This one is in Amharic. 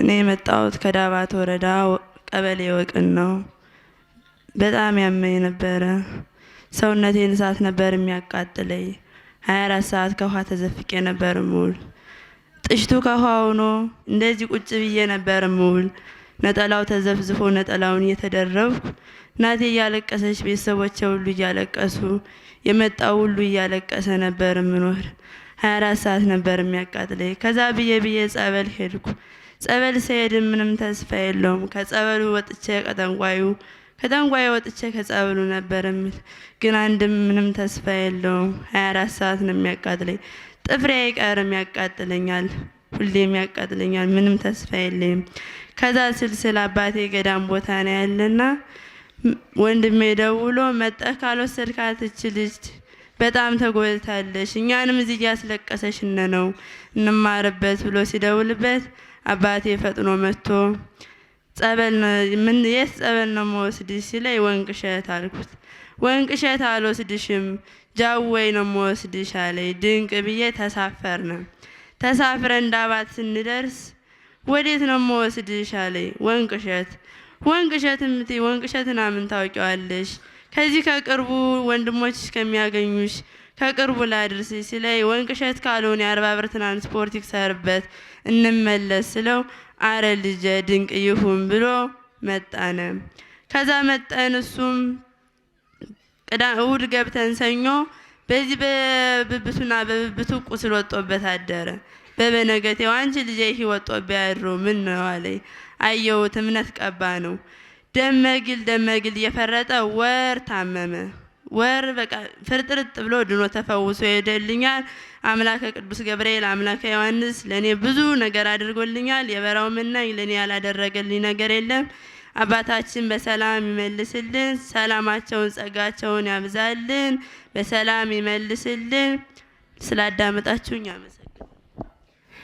እኔ የመጣሁት ከዳባት ወረዳ ቀበሌ ወቅን ነው። በጣም ያመኝ ነበረ። ሰውነቴን እሳት ነበር የሚያቃጥለኝ። ሀያ አራት ሰዓት ከውሃ ተዘፍቄ ነበር ምውል። ጥሽቱ ከውሃ ሆኖ እንደዚህ ቁጭ ብዬ ነበር ምውል። ነጠላው ተዘፍዝፎ ነጠላውን እየተደረብኩ እናቴ እያለቀሰች፣ ቤተሰቦቼ ሁሉ እያለቀሱ፣ የመጣው ሁሉ እያለቀሰ ነበር ምኖር ሀያ ሰዓት ነበር የሚያቃጥለኝ። ከዛ ብዬ ብዬ ጸበል ሄድኩ። ጸበል ስሄድም ምንም ተስፋ የለውም። ከጸበሉ ወጥቼ ከጠንቋዩ ከጠንቋዩ ወጥቼ ከጸበሉ ነበር የምል፣ ግን አንድም ምንም ተስፋ የለውም። ሀያ አራት ሰዓት ነው የሚያቃጥለኝ። ጥፍሬ አይቀርም ያቃጥለኛል፣ ሁሌም ያቃጥለኛል። ምንም ተስፋ የለኝም። ከዛ ስልስል አባቴ ገዳም ቦታ ነው ያለና ወንድሜ ደውሎ መጠህ ካልወሰድካት እች ልጅ በጣም ተጎድታለች፣ እኛንም እዚህ እያስለቀሰሽን ነው እንማርበት ብሎ ሲደውልበት አባቴ ፈጥኖ መጥቶ ጸበል ምን የት ጸበል ነው መወስድሽ ሲለኝ ወንቅ እሸት አልኩት። ወንቅ እሸት አልወስድሽም ጃወይ ነው መወስድሽ አለኝ። ድንቅ ብዬ ተሳፈርነ። ተሳፍረን ዳባት ስንደርስ ወዴት ነው መወስድሽ አለኝ። ወንቅ እሸት ወንቅ እሸት ወንቅ ምን ታውቂዋለሽ? ከዚህ ከቅርቡ ወንድሞች እስከሚያገኙሽ ከቅርቡ ላድርስ ሲለኝ ወንቅሸት ካልሆነ የአርባ ብር ትራንስፖርት ይክሰርበት እንመለስ ስለው አረ ልጀ ድንቅ ይሁን ብሎ መጣነ። ከዛ መጠን እሱም እሁድ ገብተን ሰኞ በዚህ በብብቱና በብብቱ ቁስል ወጦበት አደረ። በበነገቴው አንቺ ልጄ ይህ ወጦበት ያድሮ ምን ነው አለኝ። አየሁት እምነት ቀባ ነው ደመግል ደመግል እየፈረጠ ወር ታመመ። ወር በቃ ፍርጥርጥ ብሎ ድኖ ተፈውሶ ሄደልኛል። አምላከ ቅዱስ ገብርኤል አምላከ ዮሐንስ ለእኔ ብዙ ነገር አድርጎልኛል። የበራው ምናኝ ለእኔ ያላደረገልኝ ነገር የለም። አባታችን በሰላም ይመልስልን፣ ሰላማቸውን ጸጋቸውን ያብዛልን፣ በሰላም ይመልስልን። ስላዳመጣችሁኝ አመሰግናለሁ።